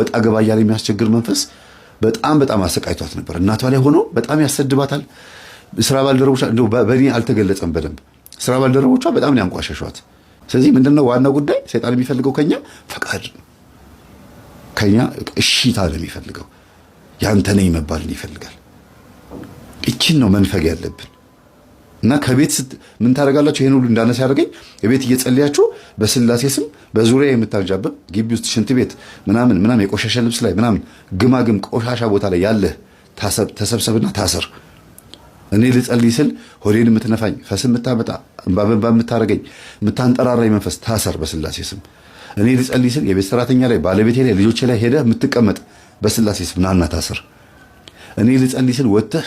ወጣ ገባ እያለ የሚያስቸግር መንፈስ በጣም በጣም አሰቃይቷት ነበር። እናቷ ላይ ሆኖ በጣም ያሰድባታል። ስራ ባልደረቦቿ እንደው በእኔ አልተገለጸም በደንብ ስራ ባልደረቦቿ በጣም ያንቋሸሿት። ስለዚህ ምንድነው ዋናው ጉዳይ? ሰይጣን የሚፈልገው ከኛ ፈቃድ ነው። ከኛ እሺታ ነው የሚፈልገው። ያንተ ነኝ መባልን ይፈልጋል። እችን ነው መንፈግ ያለብን። እና ከቤት ምን ታደርጋላችሁ? ይህን ሁሉ እንዳነስ ያደርገኝ የቤት እየጸለያችሁ በስላሴ ስም በዙሪያ የምታንዣብብ ግቢ ውስጥ ሽንት ቤት ምናምን ምናምን የቆሻሸ ልብስ ላይ ምናምን ግማግም ቆሻሻ ቦታ ላይ ያለህ ተሰብሰብና ታስር። እኔ ልጸልይ ስል ሆዴን የምትነፋኝ ፈስ የምታመጣ እንባ በእንባ የምታደርገኝ የምታንጠራራኝ መንፈስ ታሰር በስላሴ ስም። እኔ ልጸልይ ስል የቤት ሰራተኛ ላይ ባለቤቴ ላይ ልጆቼ ላይ ሄደህ የምትቀመጥ በስላሴ ስም ናና ታስር። እኔ ልጸልይ ስል ወጥተህ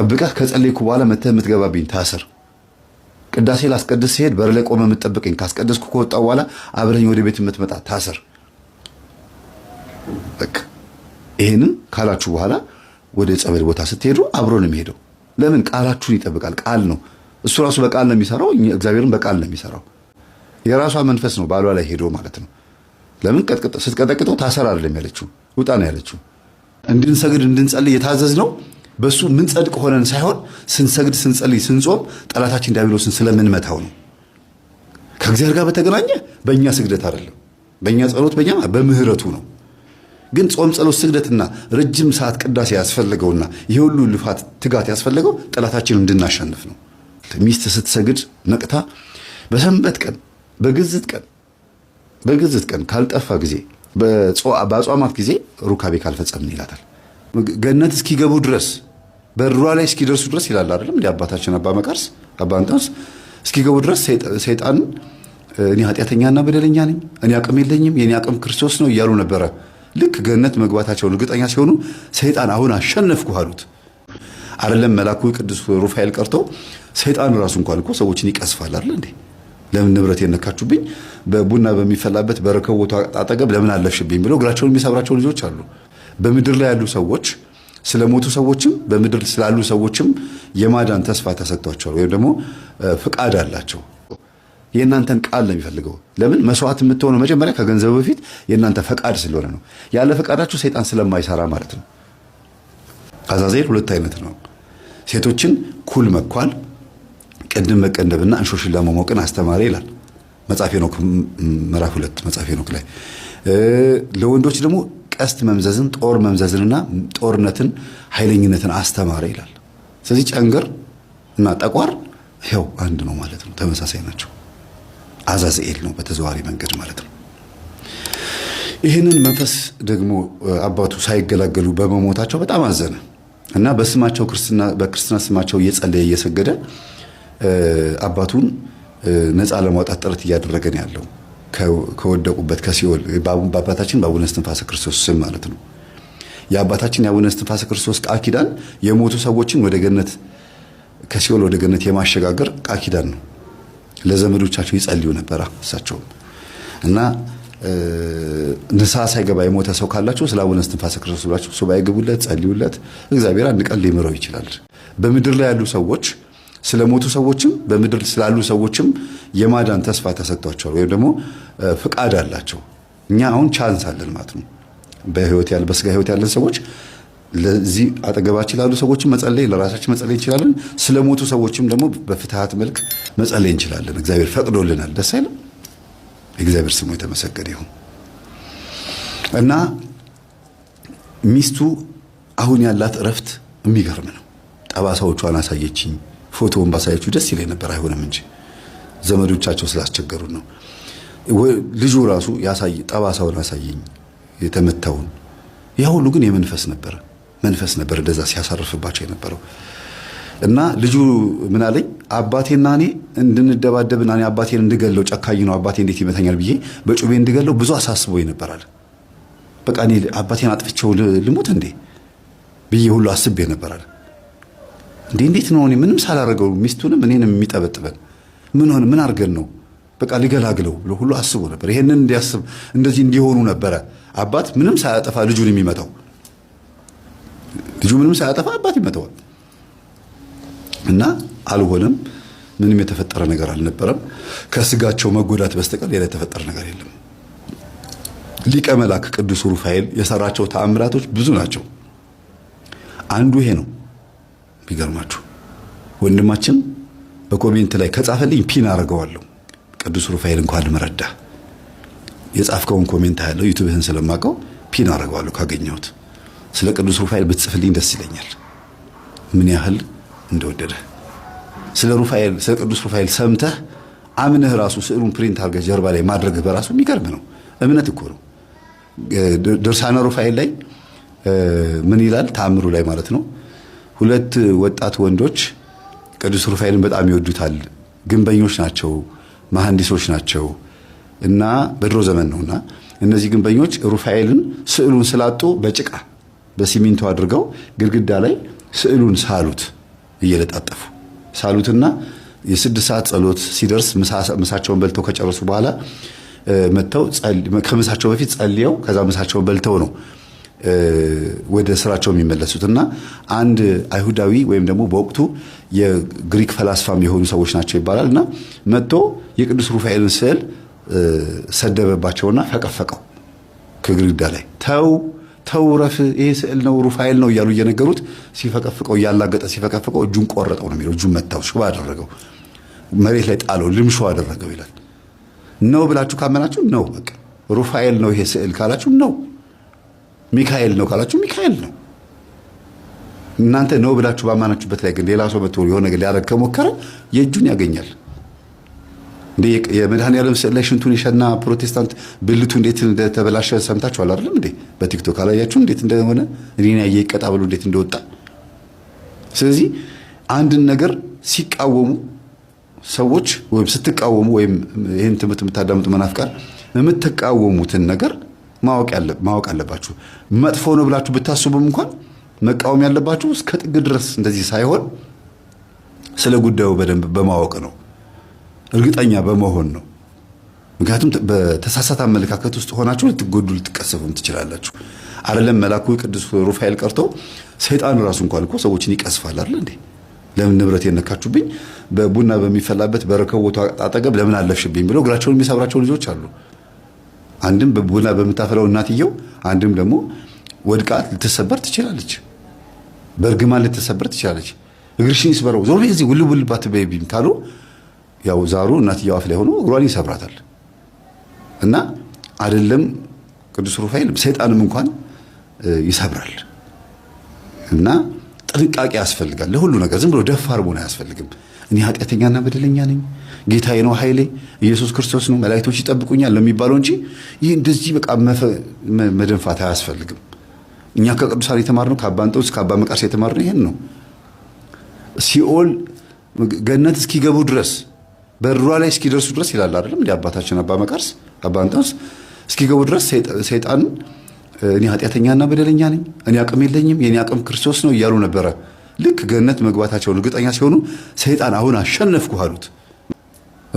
ጠብቀህ ከጸለይኩ በኋላ መተህ የምትገባብኝ ታስር። ቅዳሴ ላስቀድስ ሲሄድ በር ላይ ቆመ የምትጠብቀኝ ካስቀደስኩ ከወጣሁ በኋላ አብረኝ ወደ ቤት የምትመጣ ታስር። በቃ ካላችሁ በኋላ ወደ ጸበል ቦታ ስትሄዱ አብሮ ነው የሚሄደው። ለምን ቃላችሁን ይጠብቃል። ቃል ነው እሱ ራሱ በቃል ነው የሚሰራው። እግዚአብሔርን በቃል ነው የሚሰራው። የራሷ መንፈስ ነው ባሏ ላይ ሄዶ ማለት ነው። ለምን ስትቀጠቅጠው ታሰር አይደለም ያለችው፣ ውጣ ነው ያለችው። እንድንሰግድ እንድንጸልይ የታዘዝ ነው በሱ ምን ጸድቅ ሆነን ሳይሆን ስንሰግድ፣ ስንጸልይ፣ ስንጾም ጠላታችን ዲያብሎስን ስለምንመታው ነው። ከእግዚአብሔር ጋር በተገናኘ በእኛ ስግደት አይደለም፣ በእኛ ጸሎት፣ በእኛ በምህረቱ ነው። ግን ጾም፣ ጸሎት፣ ስግደትና ረጅም ሰዓት ቅዳሴ ያስፈለገውና ይህ ሁሉ ልፋት፣ ትጋት ያስፈለገው ጠላታችን እንድናሸንፍ ነው። ሚስት ስትሰግድ ነቅታ በሰንበት ቀን በግዝት ቀን በግዝት ቀን ካልጠፋ ጊዜ በአጽዋማት ጊዜ ሩካቤ ካልፈጸምን ይላታል። ገነት እስኪገቡ ድረስ በሯ ላይ እስኪደርሱ ድረስ ይላል አይደለም እንደ አባታችን አባ መቃርስ አባ እንጣስ እስኪገቡ ድረስ ሰይጣን እኔ ኃጢአተኛና በደለኛ ነኝ፣ እኔ አቅም የለኝም፣ የኔ አቅም ክርስቶስ ነው እያሉ ነበረ። ልክ ገነት መግባታቸውን እርግጠኛ ሲሆኑ ሰይጣን አሁን አሸነፍኩ አሉት። አይደለም መላኩ ቅዱስ ሩፋኤል ቀርቶ ሰይጣን ራሱ እንኳን እኮ ሰዎችን ይቀስፋል አይደል እንዴ? ለምን ንብረት የነካችሁብኝ በቡና በሚፈላበት በረከቦቱ አጠገብ ለምን አለፍሽብኝ ብለው እግራቸውን የሚሰብራቸው ልጆች አሉ። በምድር ላይ ያሉ ሰዎች ስለሞቱ ሰዎችም በምድር ስላሉ ሰዎችም የማዳን ተስፋ ተሰጥቷቸዋል፣ ወይም ደግሞ ፍቃድ አላቸው። የእናንተን ቃል ነው የሚፈልገው። ለምን መስዋዕት የምትሆነው መጀመሪያ ከገንዘብ በፊት የእናንተ ፈቃድ ስለሆነ ነው። ያለ ፈቃዳችሁ ሰይጣን ስለማይሰራ ማለት ነው። አዛዜል ሁለት አይነት ነው። ሴቶችን ኩል መኳል፣ ቅድም መቀነብና እንሾሽን ለመሞቅን አስተማሪ ይላል መጽሐፈ ሄኖክ ምዕራፍ ሁለት መጽሐፈ ሄኖክ ላይ ለወንዶች ደግሞ ቀስት መምዘዝን፣ ጦር መምዘዝንና ጦርነትን፣ ኃይለኝነትን አስተማረ ይላል። ስለዚህ ጨንገር እና ጠቋር ይኸው አንድ ነው ማለት ነው። ተመሳሳይ ናቸው። አዛዝኤል ነው በተዘዋሪ መንገድ ማለት ነው። ይህንን መንፈስ ደግሞ አባቱ ሳይገላገሉ በመሞታቸው በጣም አዘነ እና በስማቸው በክርስትና ስማቸው እየጸለየ እየሰገደ አባቱን ነፃ ለማውጣት ጥረት እያደረገ ነው ያለው። ከወደቁበት ከሲኦል በአባታችን በአቡነ እስትንፋሰ ክርስቶስ ስም ማለት ነው። የአባታችን የአቡነ እስትንፋሰ ክርስቶስ ቃል ኪዳን የሞቱ ሰዎችን ወደ ገነት ከሲኦል ወደ ገነት የማሸጋገር ቃል ኪዳን ነው። ለዘመዶቻቸው ይጸልዩ ነበራ እሳቸውም እና ንስሐ ሳይገባ የሞተ ሰው ካላቸው ስለ አቡነ እስትንፋሰ ክርስቶስ ብላቸው ሱባኤ ግቡለት፣ ጸልዩለት። እግዚአብሔር አንድ ቀን ሊምረው ይችላል። በምድር ላይ ያሉ ሰዎች ስለሞቱ ሰዎችም በምድር ስላሉ ሰዎችም የማዳን ተስፋ ተሰጥቷቸዋል፣ ወይም ደግሞ ፍቃድ አላቸው። እኛ አሁን ቻንስ አለን ማለት ነው። በህይወት ያለ በስጋ ህይወት ያለን ሰዎች ለዚህ አጠገባችን ላሉ ሰዎችም መጸለይ ለራሳችን መጸለይ እንችላለን። ስለሞቱ ሰዎችም ደግሞ በፍትሃት መልክ መጸለይ እንችላለን። እግዚአብሔር ፈቅዶልናል። ደስ አይልም? እግዚአብሔር ስሙ የተመሰገነ ይሁን እና ሚስቱ አሁን ያላት እረፍት የሚገርም ነው። ጠባሳዎቿን አሳየችኝ ፎቶውን ባሳያችሁ ደስ ይለኝ ነበር። አይሆንም እንጂ ዘመዶቻቸው ስላስቸገሩ ነው። ልጁ ራሱ ያሳይ ጠባሳውን ያሳየኝ የተመታውን። ያ ሁሉ ግን የመንፈስ ነበረ መንፈስ ነበር እንደዛ ሲያሳርፍባቸው የነበረው እና ልጁ ምን አለኝ፣ አባቴና እኔ እንድንደባደብ እኔ አባቴን እንድገለው ጨካኝ ነው አባቴ እንዴት ይመታኛል ብዬ በጩቤ እንድገለው ብዙ አሳስቦ ይነበራል። በቃ እኔ አባቴን አጥፍቼው ልሙት እንዴ ብዬ ሁሉ አስቤ ነበራል። እንዴ እንዴት ነው? እኔ ምንም ሳላደርገው ሚስቱንም እኔንም የሚጠበጥበን ምን ሆነ? ምን አድርገን ነው በቃ ሊገላግለው ብሎ ሁሉ አስቦ ነበር። ይሄንን እንዲያስብ እንደዚህ እንዲሆኑ ነበረ አባት ምንም ሳያጠፋ ልጁን የሚመታው። ልጁ ምንም ሳያጠፋ አባት ይመታዋል። እና አልሆነም። ምንም የተፈጠረ ነገር አልነበረም። ከስጋቸው መጎዳት በስተቀር ሌላ የተፈጠረ ነገር የለም። ሊቀ መላክ ቅዱስ ሩፋኤል የሰራቸው ተአምራቶች ብዙ ናቸው። አንዱ ይሄ ነው። ቢገርማችሁ ወንድማችን በኮሜንት ላይ ከጻፈልኝ ፒን አድርገዋለሁ። ቅዱስ ሩፋኤል እንኳን መረዳ የጻፍከውን ኮሜንት ያለው ዩቱብህን ስለማቀው ፒን አድርገዋለሁ ካገኘሁት። ስለ ቅዱስ ሩፋኤል ብትጽፍልኝ ደስ ይለኛል፣ ምን ያህል እንደወደደ ስለ ሩፋኤል ስለ ቅዱስ ሩፋኤል ሰምተህ አምነህ ራሱ ስዕሉን ፕሪንት አድርገህ ጀርባ ላይ ማድረግህ በራሱ የሚገርም ነው። እምነት እኮ ነው። ድርሳነ ሩፋኤል ላይ ምን ይላል? ተአምሩ ላይ ማለት ነው ሁለት ወጣት ወንዶች ቅዱስ ሩፋኤልን በጣም ይወዱታል። ግንበኞች ናቸው፣ መሐንዲሶች ናቸው እና በድሮ ዘመን ነውና እነዚህ ግንበኞች ሩፋኤልን ስዕሉን ስላጡ በጭቃ በሲሚንቶ አድርገው ግድግዳ ላይ ስዕሉን ሳሉት እየለጣጠፉ ሳሉትና የስድስት ሰዓት ጸሎት ሲደርስ ምሳቸውን በልተው ከጨረሱ በኋላ መጥተው ከምሳቸው በፊት ጸልየው ከዛ ምሳቸውን በልተው ነው ወደ ስራቸው የሚመለሱት እና አንድ አይሁዳዊ ወይም ደግሞ በወቅቱ የግሪክ ፈላስፋም የሆኑ ሰዎች ናቸው ይባላል እና መጥቶ የቅዱስ ሩፋኤልን ስዕል ሰደበባቸውና ፈቀፈቀው ከግድግዳ ላይ ተው ተው ረፍ፣ ይሄ ስዕል ነው ሩፋኤል ነው እያሉ እየነገሩት ሲፈቀፍቀው እያላገጠ ሲፈቀፍቀው እጁን ቆረጠው ነው የሚለው። እጁን መታው፣ ሽባ አደረገው፣ መሬት ላይ ጣለው፣ ልምሾ አደረገው ይላል። ነው ብላችሁ ካመናችሁ ነው በቃ ሩፋኤል ነው ይሄ ስዕል ካላችሁ ነው ሚካኤል ነው ካላችሁ ሚካኤል ነው። እናንተ ነው ብላችሁ ባማናችሁበት ላይ ግን ሌላ ሰው መቶ የሆነ ነገር ሊያደርግ ከሞከረ የእጁን ያገኛል። እንደ የመድኃኔዓለም ስዕል ላይ ሽንቱን የሸና ፕሮቴስታንት ብልቱ እንዴት እንደተበላሸ ሰምታችኋል አይደለም እንዴ? በቲክቶክ አላያችሁ እንዴት እንደሆነ እኔን ያየ ይቀጣ ብሎ እንዴት እንደወጣ። ስለዚህ አንድን ነገር ሲቃወሙ ሰዎች ወይም ስትቃወሙ ወይም ይህን ትምህርት የምታዳምጡ መናፍቃን የምትቃወሙትን ነገር ማወቅ አለባችሁ። መጥፎ ነው ብላችሁ ብታስቡም እንኳን መቃወም ያለባችሁ እስከ ጥግ ድረስ እንደዚህ ሳይሆን ስለ ጉዳዩ በደንብ በማወቅ ነው፣ እርግጠኛ በመሆን ነው። ምክንያቱም በተሳሳተ አመለካከት ውስጥ ሆናችሁ ልትጎዱ ልትቀሰፉም ትችላላችሁ። አይደለም መላኩ ቅዱስ ሩፋኤል ቀርቶ ሰይጣን ራሱ እንኳን እኮ ሰዎችን ይቀስፋል አለ እንዴ? ለምን ንብረት የነካችሁብኝ፣ በቡና በሚፈላበት በረከቦቱ አጠገብ ለምን አለፍሽብኝ ብለው እግራቸውን የሚሰብራቸው ልጆች አሉ። አንድም በቡና በምታፈለው እናትየው አንድም ደግሞ ወድቃ ልትሰበር ትችላለች። በእርግማን ልትሰበር ትችላለች። እግርሽን ይስበረው ዞር በይ እዚህ ውልብ ውልብ አትበይብኝ ካሉ ያው ዛሩ እናትየው አፍ ላይ ሆኖ እግሯን ይሰብራታል። እና አይደለም ቅዱስ ሩፋኤል ሰይጣንም እንኳን ይሰብራል እና ጥንቃቄ ያስፈልጋል። ለሁሉ ነገር ዝም ብሎ ደፋር መሆን አያስፈልግም። እኔ ኃጢአተኛና በደለኛ ነኝ፣ ጌታዬ ነው ኃይሌ፣ ኢየሱስ ክርስቶስ ነው፣ መላእክቶች ይጠብቁኛል ለሚባለው እንጂ ይህ እንደዚህ በቃ መደንፋት አያስፈልግም። እኛ ከቅዱሳን የተማርነው ከአባ እንጦንስ ከአባ መቃርስ የተማርነው ይሄን ነው። ሲኦል ገነት እስኪገቡ ድረስ በሯ ላይ እስኪደርሱ ድረስ ይላል አይደለም እንደ አባታችን አባ መቃርስ አባ እንጦንስ እስኪገቡ ድረስ ሰይጣን እኔ ኃጢአተኛና በደለኛ ነኝ፣ እኔ አቅም የለኝም፣ የእኔ አቅም ክርስቶስ ነው እያሉ ነበረ። ልክ ገነት መግባታቸውን እርግጠኛ ሲሆኑ ሰይጣን አሁን አሸነፍኩ አሉት፣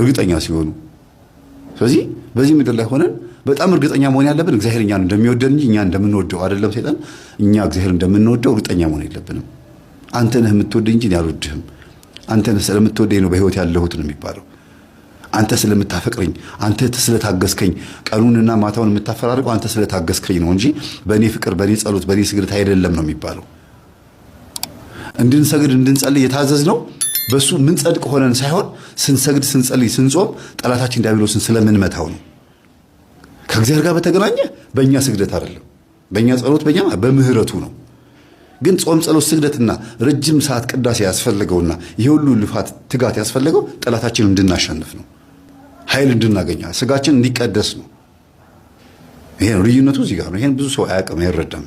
እርግጠኛ ሲሆኑ። ስለዚህ በዚህ ምድር ላይ ሆነን በጣም እርግጠኛ መሆን ያለብን እግዚአብሔር እኛን እንደሚወደን እንጂ እኛ እንደምንወደው አይደለም። ሰይጣን እኛ እግዚአብሔር እንደምንወደው እርግጠኛ መሆን የለብንም። አንተ ነህ የምትወደኝ እንጂ አልወድህም፣ አንተ ነህ ስለምትወደኝ ነው በህይወት ያለሁት ነው የሚባለው። አንተ ስለምታፈቅረኝ አንተ ስለታገስከኝ ቀኑንና ማታውን የምታፈራርቀው አንተ ስለታገስከኝ ነው እንጂ በእኔ ፍቅር፣ በእኔ ጸሎት፣ በእኔ ስግደት አይደለም ነው የሚባለው። እንድንሰግድ እንድንጸልይ የታዘዝ ነው በሱ ጸድቅ ሆነን ሳይሆን ስንሰግድ፣ ስንጸልይ፣ ስንጾም ጠላታችን ዲያብሎስን ስለምንመታው ነው። ከእግዚአብሔር ጋር በተገናኘ በእኛ ስግደት አይደለም፣ በእኛ ጸሎት፣ በእኛ በምህረቱ ነው። ግን ጾም፣ ጸሎት፣ ስግደትና ረጅም ሰዓት ቅዳሴ ያስፈለገውና ይህ ሁሉ ልፋት ትጋት ያስፈለገው ጠላታችን እንድናሸንፍ ነው። ኃይል እንድናገኛል። ስጋችን እንዲቀደስ ነው። ይሄ ነው ልዩነቱ፣ እዚህ ጋር ነው። ይሄን ብዙ ሰው አያውቅም፣ አይረዳም።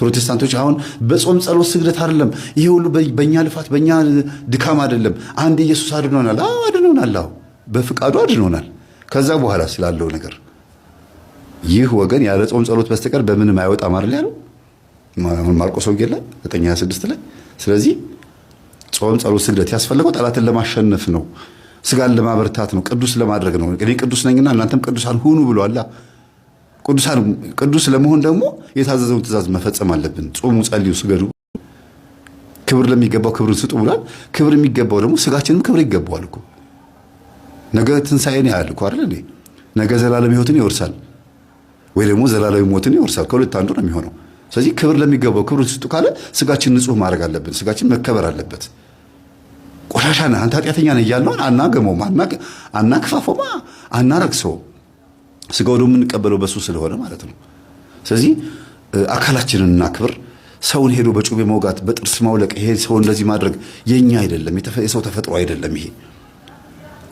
ፕሮቴስታንቶች አሁን በጾም ጸሎት፣ ስግደት አይደለም ይሄ ሁሉ በእኛ ልፋት በእኛ ድካም አይደለም። አንድ ኢየሱስ አድኖናል። አዎ አድኖናል። አዎ በፍቃዱ አድኖናል። ከዛ በኋላ ስላለው ነገር ይህ ወገን ያለ ጾም ጸሎት በስተቀር በምንም አይወጣም አይደል ያለው ማርቆስ ወንጌል ላይ 9:26 ላይ። ስለዚህ ጾም ጸሎት፣ ስግደት ያስፈለገው ጠላትን ለማሸነፍ ነው። ስጋን ለማበርታት ነው፣ ቅዱስ ለማድረግ ነው። እኔ ቅዱስ ነኝና እናንተም ቅዱሳን ሁኑ ቅዱሳን ቅዱስ ለመሆን ደግሞ የታዘዘውን ትእዛዝ መፈጸም አለብን። ጾሙ፣ ጸልዩ፣ ስገዱ፣ ክብር ለሚገባው ክብርን ስጡ ብሏል። ክብር የሚገባው ደግሞ ስጋችንም ክብር ይገባዋል እኮ ነገ ትንሣኤን ያህል እኮ አይደል? ነገ ዘላለም ህይወትን ይወርሳል ወይ ደግሞ ዘላለም ሞትን ይወርሳል። ከሁለት አንዱ ነው የሚሆነው። ስለዚህ ክብር ለሚገባው ክብርን ስጡ ካለ ስጋችን ንጹህ ማድረግ አለብን። ስጋችን መከበር አለበት። ቆሻሻ ነህ አንተ ኃጢአተኛ ነህ እያልነውን አናገመውም፣ አናክፋፎማ፣ አናረግሰውም። ስጋው ደግሞ የምንቀበለው በሱ ስለሆነ ማለት ነው። ስለዚህ አካላችንን እናክብር። ሰውን ሄዶ በጩቤ መውጋት፣ በጥርስ ማውለቅ፣ ይሄ ሰው እንደዚህ ማድረግ የኛ አይደለም፣ የሰው ተፈጥሮ አይደለም። ይሄ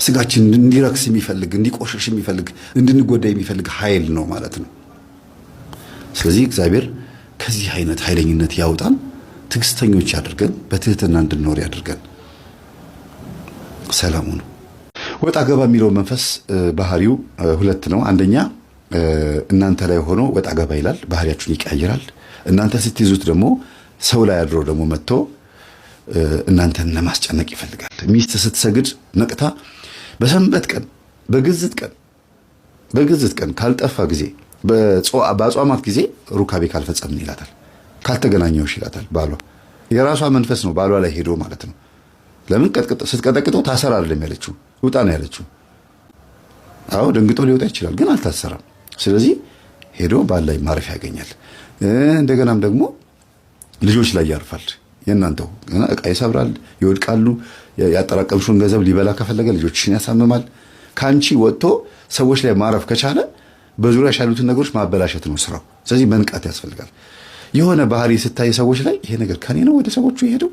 ስጋችን እንዲረክስ የሚፈልግ እንዲቆሸሽ የሚፈልግ እንድንጎዳ የሚፈልግ ኃይል ነው ማለት ነው። ስለዚህ እግዚአብሔር ከዚህ አይነት ኃይለኝነት ያውጣን፣ ትዕግስተኞች ያድርገን፣ በትህትና እንድንኖር ያድርገን። ሰላሙ ነው። ወጣ ገባ የሚለው መንፈስ ባህሪው ሁለት ነው። አንደኛ እናንተ ላይ ሆኖ ወጣ ገባ ይላል፣ ባህሪያችሁን ይቀያይራል። እናንተ ስትይዙት ደግሞ ሰው ላይ አድሮ ደግሞ መጥቶ እናንተን ለማስጨነቅ ይፈልጋል። ሚስት ስትሰግድ ነቅታ በሰንበት ቀን በግዝት ቀን በግዝት ቀን ካልጠፋ ጊዜ በአጽዋማት ጊዜ ሩካቤ ካልፈጸምን ይላታል፣ ካልተገናኘውሽ ይላታል ባሏ። የራሷ መንፈስ ነው ባሏ ላይ ሄዶ ማለት ነው። ለምን ስትቀጠቅጠው ታሰር አይደለም ያለችው፣ ውጣ ነው ያለችው። አዎ ደንግጦ ሊወጣ ይችላል፣ ግን አልታሰረም። ስለዚህ ሄዶ ባል ላይ ማረፍ ያገኛል። እንደገናም ደግሞ ልጆች ላይ ያርፋል። የእናንተው እቃ ይሰብራል፣ ይወድቃሉ። ያጠራቀምሽውን ገንዘብ ሊበላ ከፈለገ ልጆችሽን ያሳምማል። ከአንቺ ወጥቶ ሰዎች ላይ ማረፍ ከቻለ በዙሪያሽ ያሉትን ነገሮች ማበላሸት ነው ስራው። ስለዚህ መንቃት ያስፈልጋል። የሆነ ባህሪ ስታይ ሰዎች ላይ ይሄ ነገር ከኔ ነው ወደ ሰዎቹ የሄደው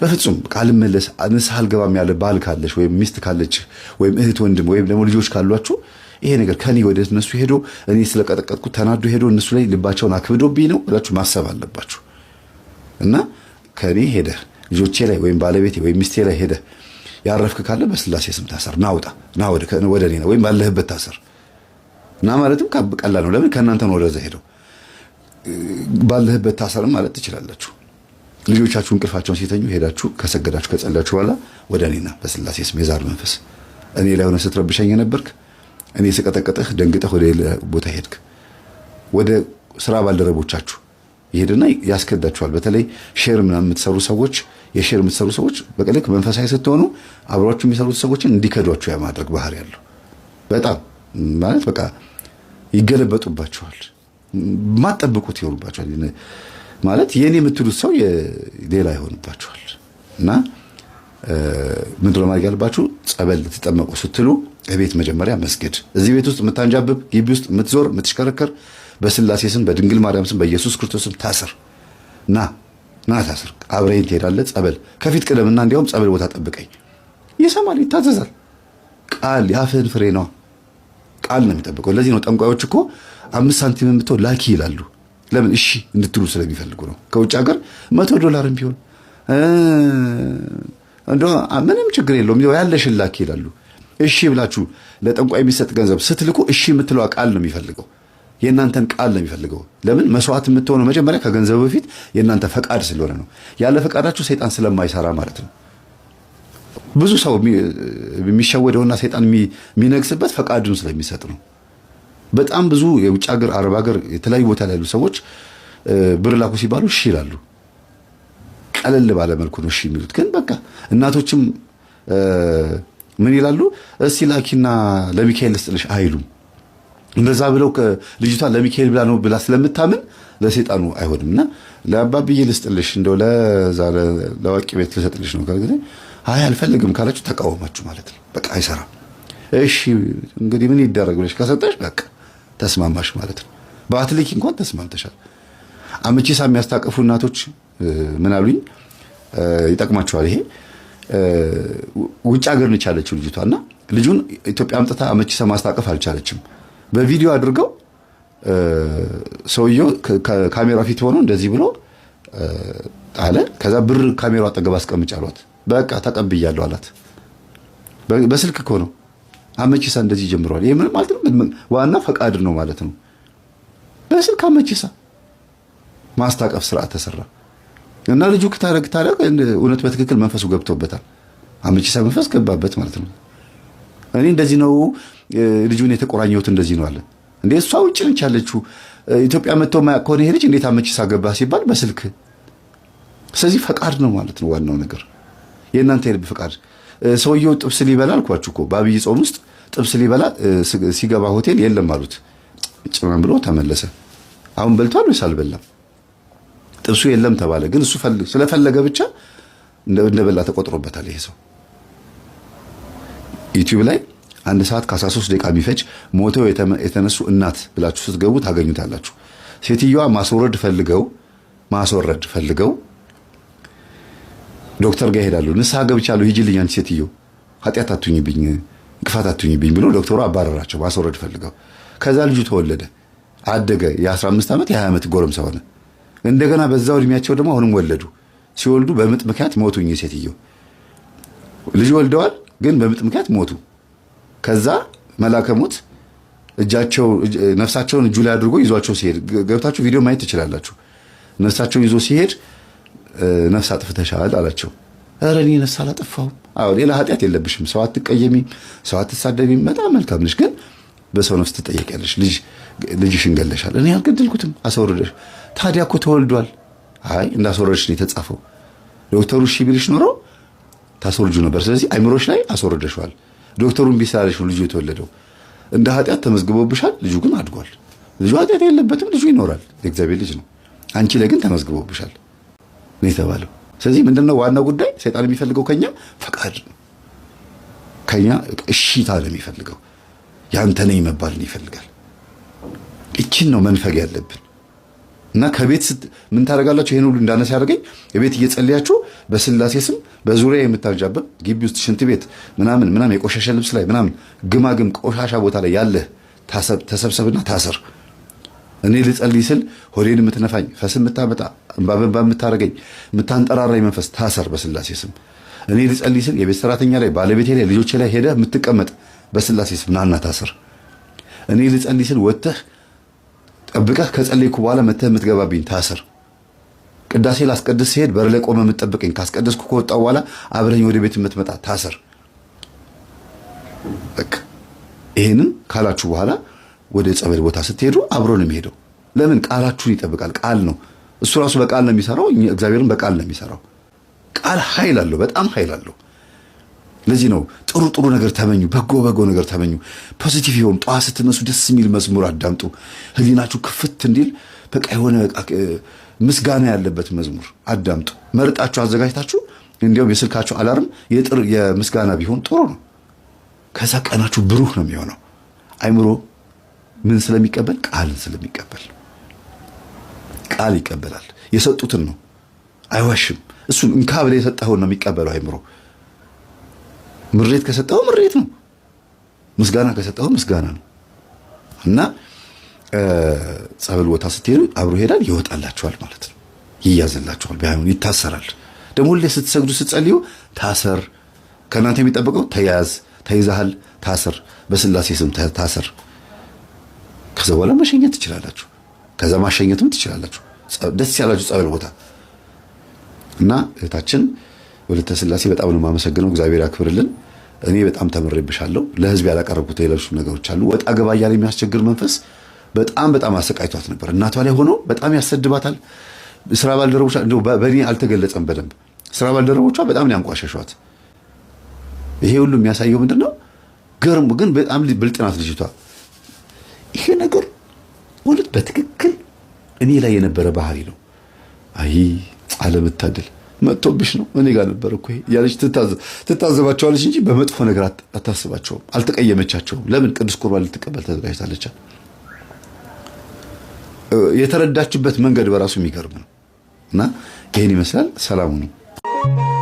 በፍጹም ካልመለስ ንስሐ አልገባም ያለ ባል ካለች ወይም ሚስት ካለች ወይም እህት ወንድም ወይም ደግሞ ልጆች ካሏችሁ ይሄ ነገር ከኔ ወደ እነሱ ሄዶ እኔ ስለቀጠቀጥኩ ተናዶ ሄዶ እነሱ ላይ ልባቸውን አክብዶብኝ ነው ብላችሁ ማሰብ አለባችሁ እና ከኔ ሄደ ልጆቼ ላይ ወይም ባለቤቴ ወይም ሚስቴ ላይ ሄደ ያረፍክ ካለ በስላሴ ስም ታሰር፣ ናውጣ ና ወደ እኔ ወይም ባለህበት ታሰር እና ማለትም ቀላል ነው። ለምን ከእናንተ ነው ወደዛ ሄደው ባለህበት ታሰርም ማለት ትችላላችሁ። ልጆቻችሁ እንቅልፋቸውን ሲተኙ ሄዳችሁ ከሰገዳችሁ ከጸላችሁ በኋላ ወደ እኔና በስላሴ ስም የዛር መንፈስ እኔ ላይ ሆነ ስትረብሸኝ የነበርክ እኔ ስቀጠቀጥህ ደንግጠህ ወደ ሌላ ቦታ ሄድክ። ወደ ስራ ባልደረቦቻችሁ ይሄድና ያስከዳችኋል። በተለይ ሼር ምናምን የምትሰሩ ሰዎች የሼር የምትሰሩ ሰዎች በቀልክ መንፈሳዊ ስትሆኑ አብሯችሁ የሚሰሩት ሰዎችን እንዲከዷችሁ የማድረግ ባህሪ ያለው በጣም ማለት በቃ ይገለበጡባችኋል። ማጠብቁት ይሆኑባችኋል። ማለት የኔ የምትሉት ሰው ሌላ ይሆንባችኋል። እና ምንድን ነው ማድረግ ያለባችሁ? ጸበል ልትጠመቁ ስትሉ እቤት መጀመሪያ መስገድ። እዚህ ቤት ውስጥ የምታንጃብብ፣ ግቢ ውስጥ የምትዞር፣ የምትሽከረከር በስላሴ ስም በድንግል ማርያም ስም በኢየሱስ ክርስቶስ ስም ታስር ና ና ታስር። አብረይን ትሄዳለህ ጸበል ከፊት ቅደምና እንዲያውም ጸበል ቦታ ጠብቀኝ። ይሰማል፣ ይታዘዛል። ቃል የአፍህን ፍሬ ነዋ። ቃል ነው የሚጠብቀው። ለዚህ ነው ጠንቋዮች እኮ አምስት ሳንቲም ብትሆን ላኪ ይላሉ። ለምን እሺ እንድትሉ ስለሚፈልጉ ነው። ከውጭ ሀገር መቶ ዶላርም ቢሆን እንደ ምንም ችግር የለውም ያለ ላኪ ይላሉ። እሺ ብላችሁ ለጠንቋይ የሚሰጥ ገንዘብ ስትልኩ እሺ የምትለዋ ቃል ነው የሚፈልገው፣ የእናንተን ቃል ነው የሚፈልገው። ለምን መስዋዕት የምትሆነው መጀመሪያ ከገንዘቡ በፊት የእናንተ ፈቃድ ስለሆነ ነው። ያለ ፈቃዳችሁ ሰይጣን ስለማይሰራ ማለት ነው። ብዙ ሰው የሚሸወደውና ሰይጣን የሚነግስበት ፈቃዱን ስለሚሰጥ ነው። በጣም ብዙ የውጭ ሀገር፣ አረብ ሀገር፣ የተለያዩ ቦታ ላይ ያሉ ሰዎች ብር ላኩ ሲባሉ እሺ ይላሉ። ቀለል ባለ መልኩ ነው እሺ የሚሉት። ግን በቃ እናቶችም ምን ይላሉ? እስቲ ላኪና ለሚካኤል ልስጥልሽ አይሉም። እንደዛ ብለው ልጅቷ ለሚካኤል ብላ ነው ብላ ስለምታምን ለሴጣኑ አይሆንም። እና ለአባብዬ ልስጥልሽ እንደው ለዛ ለዋቂ ቤት ልሰጥልሽ ነው ከጊዜ አይ አልፈልግም ካላችሁ ተቃወማችሁ ማለት ነው። በቃ አይሰራም። እሺ እንግዲህ ምን ይደረግ ብለሽ ከሰጠሽ በቃ ተስማማሽ ማለት ነው። በአትሌክ እንኳን ተስማምተሻል። አመቺሳ የሚያስታቀፉ እናቶች ምን አሉኝ፣ ይጠቅማቸዋል ይሄ ውጭ ሀገር ነች ያለችው ልጅቷ እና ልጁን ኢትዮጵያ አምጥታ አመቺሳ ማስታቀፍ አልቻለችም። በቪዲዮ አድርገው ሰውየው ካሜራ ፊት ሆኖ እንደዚህ ብሎ አለ። ከዛ ብር ካሜራ አጠገብ አስቀምጭ አሏት። በቃ ተቀብያለሁ አላት። በስልክ እኮ ነው አመቺሳ እንደዚህ ጀምሯል። ይሄ ምን ማለት ነው፣ ዋና ፈቃድ ነው ማለት ነው። በስልክ አመቺሳ ማስታቀፍ ስርዓት ተሰራ እና ልጁ ከታረግ ታረግ እውነት በትክክል መንፈሱ ገብቶበታል። አመቺሳ መንፈስ ገባበት ማለት ነው። እኔ እንደዚህ ነው ልጁን የተቆራኘሁት እንደዚህ ነው አለ እንዴ። እሷ ውጭ ነች ያለችው ኢትዮጵያ መጥቶ ማያውቅ ከሆነ ይሄ ልጅ እንዴት አመቺሳ ገባ ሲባል በስልክ ስለዚህ ፈቃድ ነው ማለት ነው ዋናው ነገር የእናንተ የልብ ፈቃድ ሰውየው ጥብስ ሊበላ አልኳችሁ እኮ በአብይ ጾም ውስጥ ጥብስ ሊበላ ሲገባ ሆቴል የለም አሉት። ጭመን ብሎ ተመለሰ። አሁን በልቷል ወይስ አልበላም? ጥብሱ የለም ተባለ። ግን እሱ ስለፈለገ ብቻ እንደበላ ተቆጥሮበታል። ይሄ ሰው ዩቲዩብ ላይ አንድ ሰዓት ከ13 ደቂቃ ቢፈጅ ሞተው የተነሱ እናት ብላችሁ ስትገቡ ታገኙታላችሁ። ሴትዮዋ ማስወረድ ፈልገው ማስወረድ ፈልገው ዶክተር ጋር ይሄዳሉ። ንስሐ ገብቻለሁ ሂጂልኝ፣ አንቺ ሴትዮ ኃጢአት አትሁኝብኝ ክፋት አትሁኝብኝ ብሎ ዶክተሩ አባረራቸው ማስወረድ ፈልገው። ከዛ ልጁ ተወለደ፣ አደገ። የ15 ዓመት የ20 ዓመት ጎረምሳ ሆነ። እንደገና በዛው እድሜያቸው ደግሞ አሁንም ወለዱ። ሲወልዱ በምጥ ምክንያት ሞቱኝ። ሴትየው ልጅ ወልደዋል፣ ግን በምጥ ምክንያት ሞቱ። ከዛ መላከ ሞት እጃቸው ነፍሳቸውን እጁ ላይ አድርጎ ይዟቸው ሲሄድ ገብታችሁ ቪዲዮ ማየት ትችላላችሁ። ነፍሳቸውን ይዞ ሲሄድ ነፍስ አጥፍተሻል አላቸው። ኧረ እኔ ነፍስ አላጠፋሁም። አዎ ሌላ ኃጢአት የለብሽም። ሰው አትቀየሚ፣ ሰው አትሳደቢ። በጣም መልካም ነሽ። ግን በሰው ነፍስ ትጠየቂያለሽ። ልጅ ልጅሽን ገለሻል። እኔ አልገደልኩትም። አስወርደሽ ታዲያ እኮ ተወልዷል። አይ እንዳስወረደሽ ነው የተጻፈው። ዶክተሩ እሺ ቢልሽ ኖሮ ታስወርጁ ነበር። ስለዚህ አይምሮሽ ላይ አስወርደሽዋል። ዶክተሩን እምቢ ልጁ የተወለደው። እንደ ኃጢአት ተመዝግቦብሻል። ልጁ ግን አድጓል። ልጁ ኃጢአት የለበትም። ልጁ ይኖራል። የእግዚአብሔር ልጅ ነው። አንቺ ላይ ግን ተመዝግቦብሻል ነው የተባለው። ስለዚህ ምንድነው ዋናው ጉዳይ? ሰይጣን የሚፈልገው ከኛ ፈቃድ ከኛ እሺታ ነው የሚፈልገው። ያንተ ነኝ መባልን ይፈልጋል። እችን ነው መንፈግ ያለብን እና ከቤት ምን ታደርጋላችሁ? ይህን ሁሉ እንዳነሳ ያደርገኝ ቤት እየጸለያችሁ በስላሴ ስም በዙሪያ የምታንዣብብ ግቢ ውስጥ ሽንት ቤት ምናምን ምናምን የቆሻሻ ልብስ ላይ ምናምን ግማግም ቆሻሻ ቦታ ላይ ያለህ ተሰብሰብና ታሰር። እኔ ልጸልይ ስል ሆዴን የምትነፋኝ ፈስ የምታመጣ እንባ በእንባ የምታንጠራራኝ መንፈስ ታሰር በስላሴ ስም። እኔ ልጸልይ ስል የቤት ሰራተኛ ላይ፣ ባለቤቴ ላይ፣ ልጆቼ ላይ ሄደህ የምትቀመጥ በስላሴ ስም ናና ታሰር። እኔ ልጸልይ ስል ወጥተህ ጠብቀህ ከጸለይኩ በኋላ መተህ የምትገባብኝ ታሰር። ቅዳሴ ላስቀድስ ሲሄድ በር ላይ ቆመህ የምትጠብቀኝ ካስቀደስኩ ከወጣሁ በኋላ አብረኝ ወደ ቤት የምትመጣ ታሰር። በቃ ካላችሁ በኋላ ወደ ጸበል ቦታ ስትሄዱ አብሮ ነው የሚሄደው። ለምን ቃላችሁን ይጠብቃል። ቃል ነው እሱ ራሱ በቃል ነው የሚሰራው። እግዚአብሔርን በቃል ነው የሚሰራው። ቃል ኃይል አለው፣ በጣም ኃይል አለው። ለዚህ ነው ጥሩ ጥሩ ነገር ተመኙ፣ በጎ በጎ ነገር ተመኙ፣ ፖዚቲቭ የሆኑ ጠዋት ስትነሱ ደስ የሚል መዝሙር አዳምጡ። ህሊናችሁ ክፍት እንዲል በቃ የሆነ ምስጋና ያለበት መዝሙር አዳምጡ። መርጣችሁ አዘጋጅታችሁ እንዲያውም የስልካችሁ አላርም የምስጋና ቢሆን ጥሩ ነው። ከዛ ቀናችሁ ብሩህ ነው የሚሆነው አይምሮ ምን ስለሚቀበል? ቃልን ስለሚቀበል። ቃል ይቀበላል። የሰጡትን ነው፣ አይዋሽም። እሱ እንካ ብለህ የሰጠኸውን ነው የሚቀበለው አይምሮ። ምሬት ከሰጠኸው ምሬት ነው፣ ምስጋና ከሰጠኸው ምስጋና ነው። እና ጸበል ቦታ ስትሄዱ አብሮ ይሄዳል፣ ይወጣላችኋል ማለት ነው። ይያዝላችኋል፣ ቢሆን ይታሰራል። ደግሞ ሁሌ ስትሰግዱ ስትጸልዩ ታሰር ከእናንተ የሚጠበቀው ተያዝ፣ ተይዛሃል፣ ታስር፣ በስላሴ ስም ታስር ከዛ በኋላ መሸኘት ትችላላችሁ። ከዛ ማሸኘትም ትችላላችሁ። ደስ ያላችሁ ጸበል ቦታ እና እህታችን ወለተ ስላሴ በጣም ነው የማመሰግነው። እግዚአብሔር ያክብርልን። እኔ በጣም ተምሬብሻለሁ። ለህዝብ ያላቀረብኩት የሌሎች ነገሮች አሉ። ወጣ ገባ እያለ የሚያስቸግር መንፈስ በጣም በጣም አሰቃይቷት ነበር። እናቷ ላይ ሆኖ በጣም ያሰድባታል። ስራ ባልደረቦቿ እንደው በእኔ አልተገለጸም በደንብ ስራ ባልደረቦቿ በጣም ያንቋሸሿት። ይሄ ሁሉ የሚያሳየው ምንድን ነው? ግን በጣም ብልጥናት ልጅቷ ይሄ ነገር እውነት በትክክል እኔ ላይ የነበረ ባህሪ ነው። አይ አለመታደል መጥቶብሽ ነው። እኔ ጋር ነበር እኮ እያለች ትታዘባቸዋለች እንጂ በመጥፎ ነገር አታስባቸውም። አልተቀየመቻቸውም። ለምን ቅዱስ ቁርባን ልትቀበል ተዘጋጅታለች። የተረዳችበት መንገድ በራሱ የሚገርም ነው እና ይህን ይመስላል። ሰላሙ ነው።